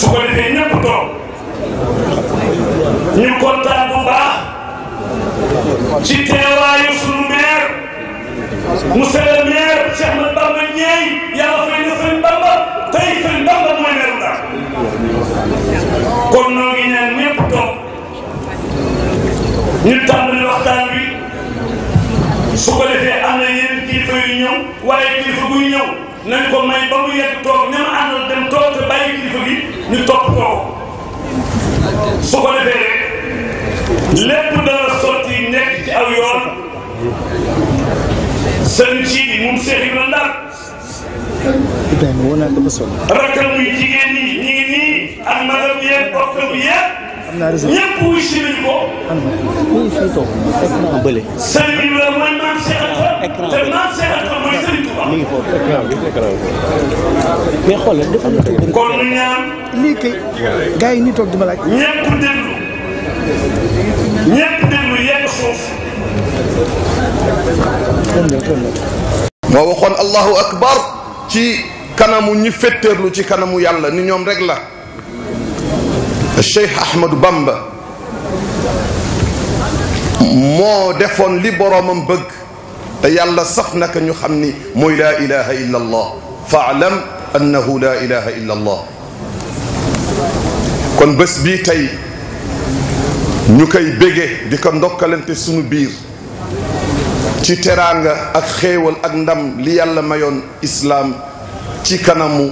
su ko defee ñëpp toog ñu kontaan bu baax ci teewaayu sunu maire monsieur le maire Cheikh Ahmadou Bamba Ndiaye yàlla fay na Sëriñ Bamba tey Sëriñ Bamba mooy maire bu Ndar kon ñaan ñëpp toog ñu tàmbali waxtaan bi su ko defee am na yeneen kilifa yu ñëw waaye kilifa buy ñëw. nañ ko may ba mu toog ña ma dem toog te bàyyi kilifa gi ñu topp kooku su ko defee rek lépp dana sotti nekk ci aw yoon sëñ ci bi moom Cheikh Ibra Ndar rakkam muy jigéen ñi ñi ngi nii ak madame yeeg bokkam yeeg ñëpp wuy si nañ ko. sëriñ bi la mooy maam Cheikh Anta te maam Cheikh Anta mooy sëriñ lii foofu mais xoolal dafa la toog kon ñaan lii kay gars yi ñu toog di ma laaj ñëpp déglu ñëpp déglu yegg suuf moo waxoon allahu akbar ci kanamu ñi fetteerlu ci kanamu yàlla ni ñoom rek la cheikh ahmadou bamba moo defoon li boromam bëgg te yàlla sax naka ñu xam ni mooy laa ilaha illa allah faalam annahu laa ilaha illa allah kon bés bii tey ñu koy bége di ko ndokkalante sunu biir ci teraanga ak xéewal ak ndam li yàlla mayoon islaam ci kanamu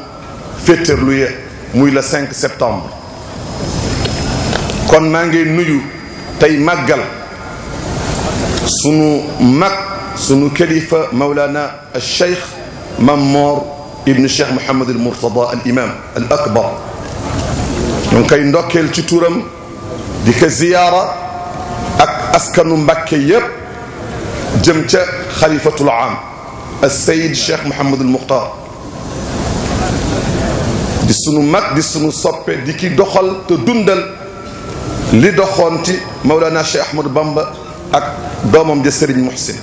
fétterlu ya muy le 5 septembre kon maa ngi nuyu tey màggal sunu mag سنو كليفة مولانا الشيخ ممور ابن الشيخ محمد المرتضى الإمام الأكبر نكاي ندوكل تي تورم ديك زياره اك اسكنو مبكي ييب خليفه العام السيد الشيخ محمد المختار دي سونو ماك دي سونو سوبي ديكي دوخال تو دوندال لي مولانا الشيخ احمد بامبا اك دومم دي سيرن محسن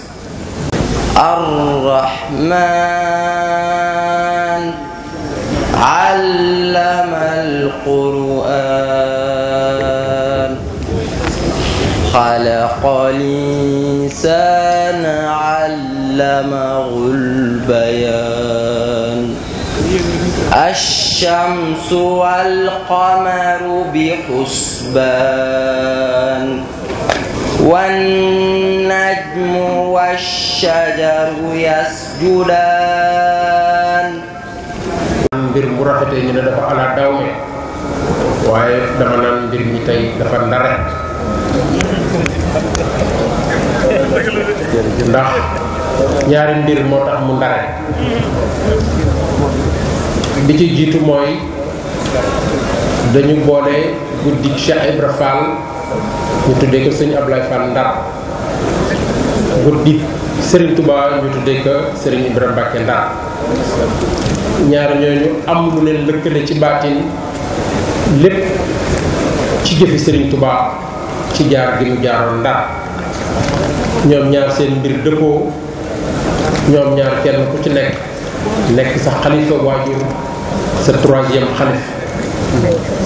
الرحمن علم القرآن خلق الإنسان علمه البيان الشمس والقمر بحسبان والنجم والشمس syajaru yasjudan mbir murah rafete ñu ne dafa ala dawme ya. waaye dama naan mbir mi tey dafa ndare ndax ñaari mbir moo tax mu ndare bi ci jiitu mooy dañu boole guddi cheikh ibra fall ñu tuddee ko sëñ ablaye fall ndar guddi Serigne Touba ñu tuddee ko Serigne Ibrahima Ndar ñaar ñooñu am lu leen lëkkale ci baatin lépp ci jëfi Serigne Touba ci jaar gi mu jaaroon Ndar ñoom ñaar seen mbir dëppoo ñoom ñaar kenn ku ci nekk nekk sa xalifa waajur sa troisième xalif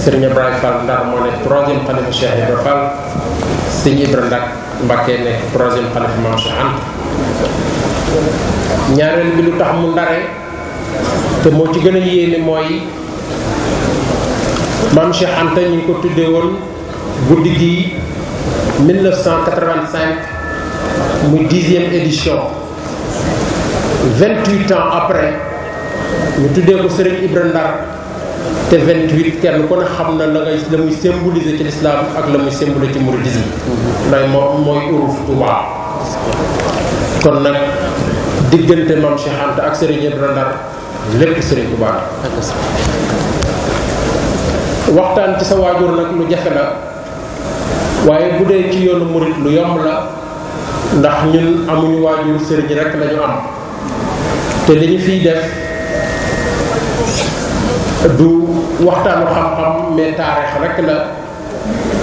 Serigne Ibrahima Fall Ndar moo nekk troisième xalifa Cheikh Ibrahima Fall Serigne Ibrahima Mbacke nekk troisième xalif Maam ñaareel bi lu tax mu ndare te moo ci gën a yéeme mooy maam Cheikh Anta ñu ngi ko tuddee woon guddi gi 1985 mu dixième édition 28 ans après ñu tuddee ko Serigne Ibra Ndar te 28 kenn ku ne xam na la ngay la muy symboliser ci lislaam ak la muy symboliser ci mouridisme. ndax mm-hmm. moo mooy uruf Tuubaa kon nag. diggante Maam Cheikh Anta ak Serigne Ibra Ndar lépp Serigne Touba waxtaan ci sa waajur nag lu jafe la waaye bu dee ci yoonu murit lu yomb la ndax ñun amuñu waajur sëriñ rek lañu am te li ñu fiy def du waxtaanu xam-xam mais taarix rek la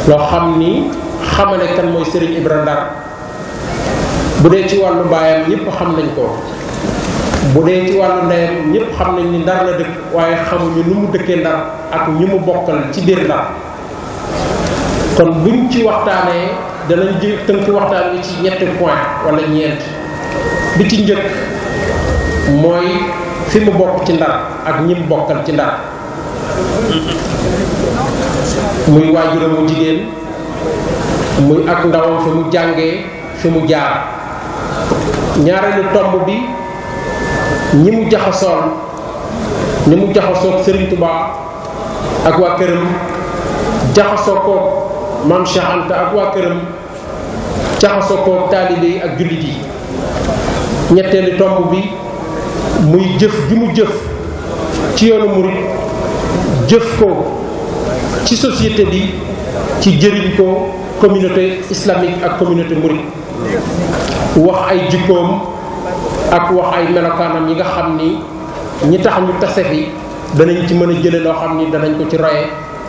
loo xam ni xamale kan mooy Serigne Ibra Ndar bu dee ci wàllu baayam ñëpp xam nañ ko bu dee ci wàllu ndeyam ñëpp xam nañ ni ndar la dëkk waaye xamuñu nu mu dëkkee ndar ak ñi mu bokkal ci biir ndar kon buñ ci waxtaanee danañ jël tënk waxtaan wi ci ñetti point wala ñeent bi ci njëkk mooy fi mu bokk ci ndar ak ñi mu bokkal ci ndar muy waajuram mu jigéen muy ak ndawam fi mu jàngee fi mu jaar ñaareelu tomb bi ñi mu jaxasoon ñi mu jaxasoog Serigne Touba ak waa këram jaxasoo koog maam Cheikh ak waa këram jaxasoo koog taalibe ak jullit yi ñetteelu tomb bi muy jëf bi mu jëf ci yoonu murit jëf ko ci société bi ci jëriñ ko communauté islamique ak communauté mourid wax ay jikkoom ak wax ay melokaanam yi nga xam ni ñi tax ñu tase fi danañ ci mën a jële loo xam ni danañ ko ci roye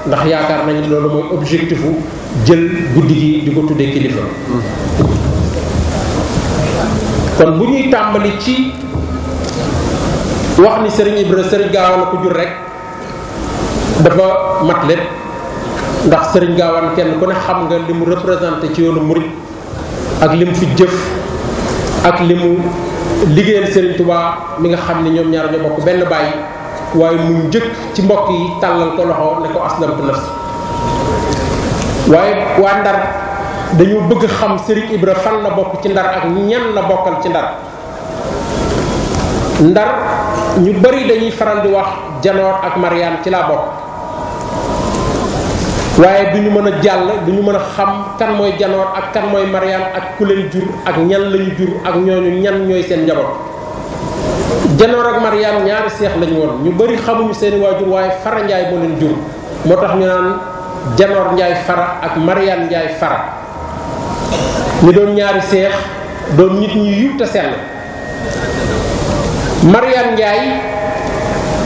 ndax yaakaar nañ loolu mooy objectifu jël guddi gi di ko tuddee kilifa kon bu ñuy tàmbali ci wax ni sëriñ ibra sëriñ gaawa ko jur rek dafa matlet ndax sering gawan kenn ku ne xam nga limu mu ci yoonu murid ak limu fi jëf ak limu mu liggéeyal sëriñ tubaa mi nga xam ne ñoom ñaar ñoo bokk benn bàyyi waaye mu njëkk ci mbokk yi tàllal ko loxo ne ko aslamtu nafs waaye waa ndar dañu bëgg xam ibra fan la bokk ci ndar ak ñan la bokkal ci ndar ndar ñu bari dañuy faral wax janoor ak ci la bokk waaye du ñu mën a jàll bu ñu mën a xam kan mooy janoor ak kan mooy Mariam ak ku leen jur ak ñan lañu jur ak ñoo ñooñu ñan ñooy seen njaboot janoor ak Mariam ñaari seex lañu woon ñu bëri xamuñu seen waajur waaye Fara Njaay moo leen jur moo tax ñu naan janoor Njaay Fara ak Mariam Njaay Fara ñu doon ñaari seex doon nit ñi yiw te sell Mariam Njaay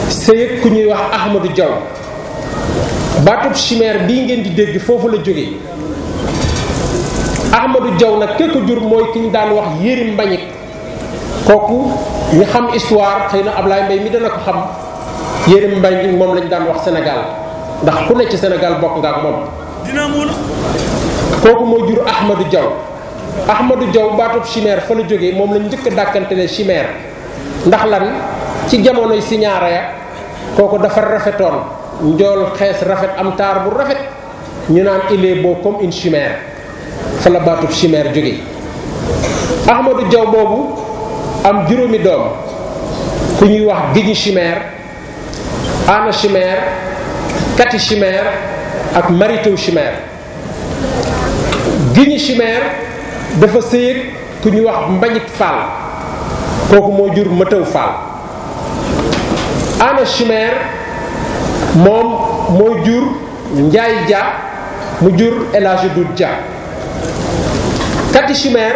sëy ku ñuy wax Ahmadou Diaw baatub chimère bii ngeen di dégg foofu la jógee Ahmadou jaw nag képp jur mooy ki ñu daan wax Yérim Mbagnick kooku ñu xam histoire xëy na Ablaye Mbaye mi dana ko xam Yérim Mbagnick moom lañu daan wax Sénégal ndax ku ne ci senegal bokk nga ak moom. dina mun kooku moo jur Ahmadou Diaw Ahmadou Diaw baatub chimère fa la jóge moom lañ njëkk a dàkkantele chimère ndax lan ci jamonoy siñaara ya kooku dafa rafetoon. njool xees rafet am taar bu rafet ñu naan il est beau comme une chimère fa chimère jóge Ahmadou Diaw boobu am juróomi doom ku ñuy wax Guigui chimère Anna chimère Kati chimère ak Maritou chimère Guigui chimère dafa sëyeeg ku ñuy wax Mbagnick Fall kooku moo jur Mëtëw Fall Anna chimère moom moo jur njaay ja mu jur El Hadji Doudou Dia kati chimère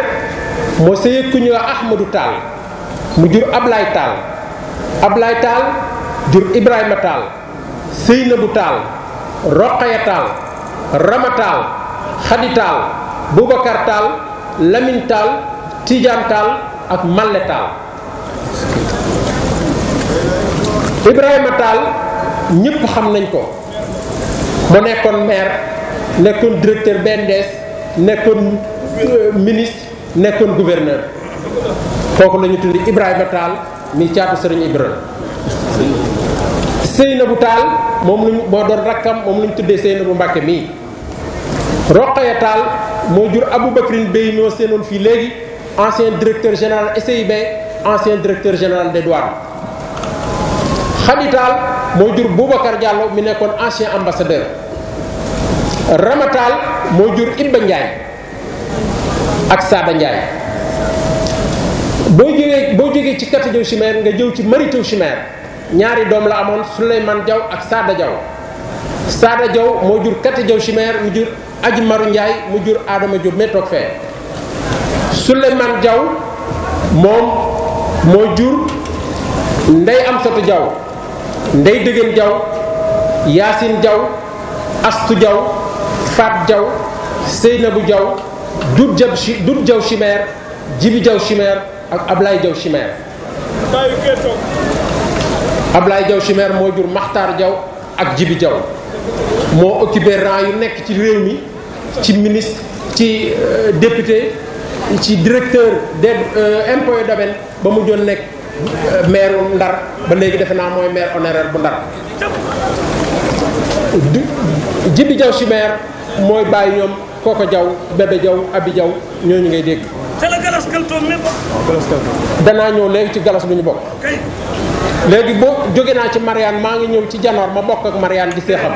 moo sëyeeg ku ñuy wax Ahmadou Tall mu jur Ablaye Tall Ablaye Tall jur Ibrahima Tall Seynabu Tall Roqaya Tall Rama Tall Khady Tall Boubacar Tall Lamine Tall Tidiane Tall ak Malle Tall Ibrahima Tall ñëpp xam nañ ko bu nekkoon maire nekkoon directeur bendes nekkoon euh, ministre nekkoon gouverneur kooku la ñu tudd Ibrahima Tall mi caatu Serigne Ibrahima Seynabou Tall moom lañ moo doon rakkam moom lañ tuddee bu Mbacke mii Roqaya Tall moo jur Aboubacrine Bey ñoo seenoon fii léegi ancien directeur général SIB ancien directeur général des douanes xaditaal moo jur Boubacar Diallo mi nekkoon ancien ambassadeur ramataal moo jur Ibba Ndiaye ak Saada Ndiaye boo jógee boo jógee ci Kati Diaw Chimère nga jëw ci Mary Teuw ñaari doom la amoon Souleymane jaw ak Saada Diaw Saada Diaw moo jur Kati Diaw Chimère mu jur Aji Maru Ndiaye mu jur Adama Diop mee toog fee Souleymane Diaw moom moo jur Ndey Amsatu Diaw ndey dëggan jaw yaasin jaw astu jaw faat jaw seynabu jaw dut jaw dut jaw chimère jibi jaw chimère ak ablaay jaw ablaay jaw chimère moo jur maxtaar jaw ak jibi jaw moo occupé rang yu nekk ci réew mi ci ministre ci euh, député ci directeur de euh, impôts et domaines ba mu doon nekk maire Ndar ba léegi defe naa mooy maire honoraire bu Ndar Jibi Jaw si maire mooy bàyyi ñoom Koko Jaw Bébé Jaw Abi Jaw ñooñu ngay dégg danaa ñëw léegi ci galas bu ñu bokk léegi boo jóge naa ci Marianne maa ngi ñëw ci janoor ma bokk ak Marianne di seexam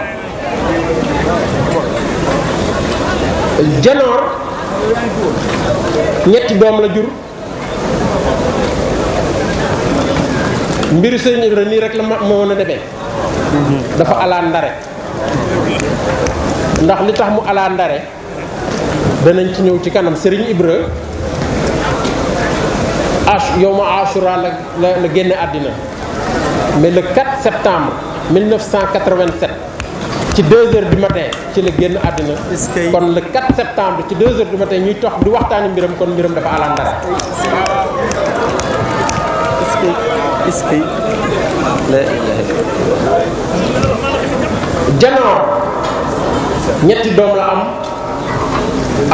janoor ñetti doom la jur mbir sëñ Ibra nii rek la ma mën a demee dafa alaa ndare ndax li tax mu alaa ndare danañ ci ñëw ci kanam sëriñ Ibra as yow ma Ashura la la génne àddina mais le 4 septembre 1987 ci 2 heures du matin ci la génn àddina. kon le 4 septembre ci 2 heures du matin ñuy tox di waxtaani mbiram kon mbiram dafa alaa ndare inscrit janoo ñetti doom la am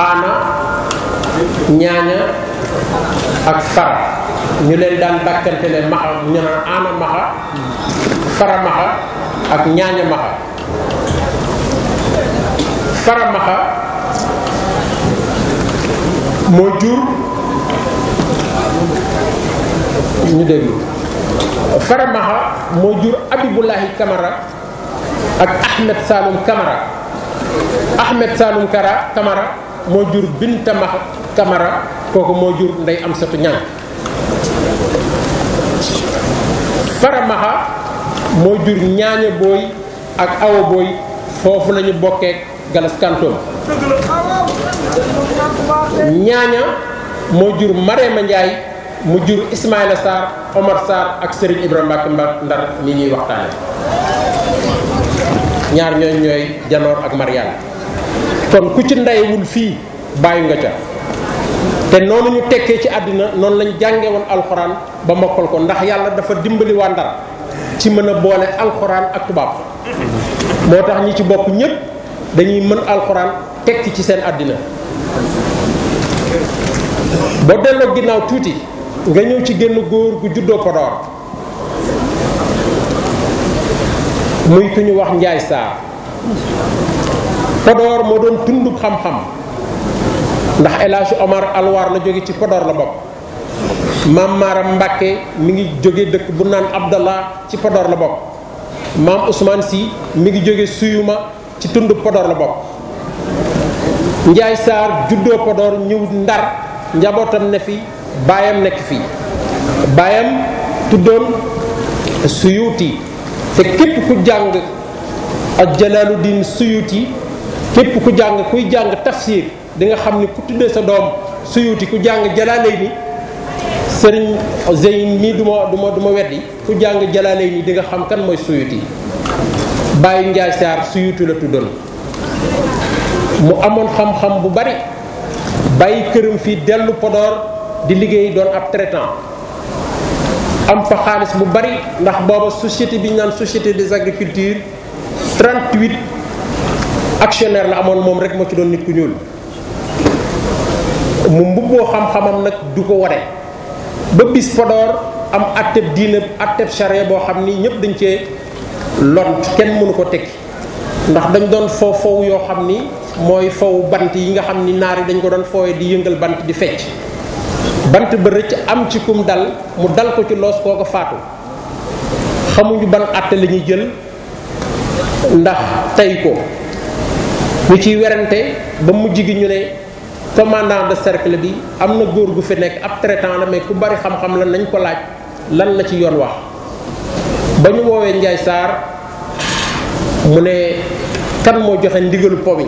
aana ñaaña ak fara ñu leen daan dàkkante leen maxa ñu naan aana maxa fara maxa ak ñaaña maxa fara maxa moo jur ñu déglu faramaxa moo jur Abibullahi Kamara ak Ahmed Saloum Kamara Ahmed Saloum Kara Kamara moo jur Binta Max Kamara kooku moo jur Ndey Amsatu Ñaŋ Faramaha moo jur ñaaña booy ak awa booy foofu lañu bokkee Galas Kantoom ñaaña moo jur Marema Njaay mu jur Ismaïla saar Omar Sarr ak Serigne Ibrahima Mbacke Mbacke Ndar mi ñuy waxtaane ñaar ñooñ ñooy janoor ak Mariama kon ku ci ndeyewul fii bàyyi nga ca te noonu ñu tekkee ci àddina noonu lañ jàngewoon woon alxuraan ba mokkal ko ndax yàlla dafa dimbali waa Ndar ci mën a boole alxuraan ak tubaab moo tax ñi ci bokk ñépp dañuy mën alxuraan tekki ci seen àddina boo delloo ginnaaw tuuti nga ñëw ci génn góor gu juddoo door muy ku ñu wax njaay saar podoor moo doon tundub xam-xam ndax elage omar alwar la jóge ci podoor la bopp mam mara mbacke mi ngi jóge dëkk bu naan abdallah ci la bopp mam ousmane si mi ngi jóge suyuma ci tundub podoor la bopp njaay saar juddoo podoor ñëw ndar njabootam ne fi baayam nekk fii baayam tuddoon suyuuti te képp ku jàng ak jalaaluddin suyuuti képp ku jàng kuy jàng tafsir di nga xam ni ku tuddee sa doom suyuuti ku jàng jalaalay ni sëriñ Zeyn nii du ma du weddi ku jàng jalaalay ni di nga xam kan mooy suyuuti bàyyi Ndiaye Sarr suyuuti la tuddoon mu amoon xam-xam bu bari bàyyi këram fii dellu Podor di liggéey doon ab traitant am fa xaalis bu bari ndax booba société bi naan société des agricultures trent 38 actionnaire la amoon moom rek moo ci doon nit ku ñuul mu mbubboo xam-xamam nag du ko ware ba bis Podor am atteb diine atteb charia boo xam ni ñëpp dañ cee lont kenn mënu ko tekki ndax dañ doon foo yoo xam ni mooy fow bant yi nga xam ni naar yi dañ ko doon foowee di yëngal bant di fecc bant ba rëcc am ci kum dal mu dal ko ci loos kooku faatu xamuñu ban àtte la ñuy jël ndax tey ko ñu ciy werante ba mu jig ñu ne commandant de cercle bi am na góor gu fi nekk ab traitant la mais ku bari xam-xam la nañ ko laaj lan la ci yoon wax ba ñu woowee Njaay Saar mu ne kan moo joxe ndigalu po bi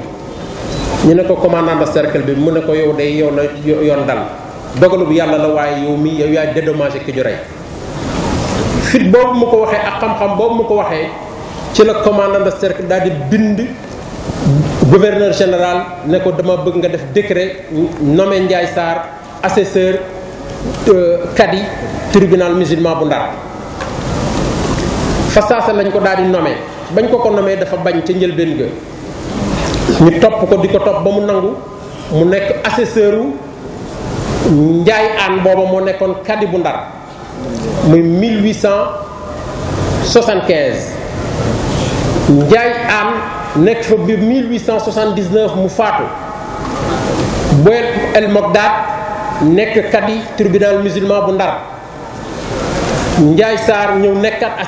ñu ne ko commandant de cercle bi mu ne ko yow day yow la yoon dal dogalu bu yàlla la waaye yow mi yow yaay dédommagé ki ñu rey fit boobu mu ko waxee ak xam-xam boobu mu ko waxee ci la commandant de cercle daal di bind gouverneur général ne ko dama bëgg nga def décret nome Ndiaye saar assesseur euh, kadi tribunal musulman bu Ndar fa lañ ko daal di nome bañ ko ko nommé dafa bañ ca njëlbéen ga ñu topp ko di ko topp ba mu nangu mu nekk assesseuru Ndiaye Anne Bobo mo nekkoon kaddi bu ndar muy 1875 Ndiaye aan nekk fa bi 1879 mu faatu Boel El Mogdad nekk Kadi, tribunal musulman bu ndar sar Sar ñëw nekkat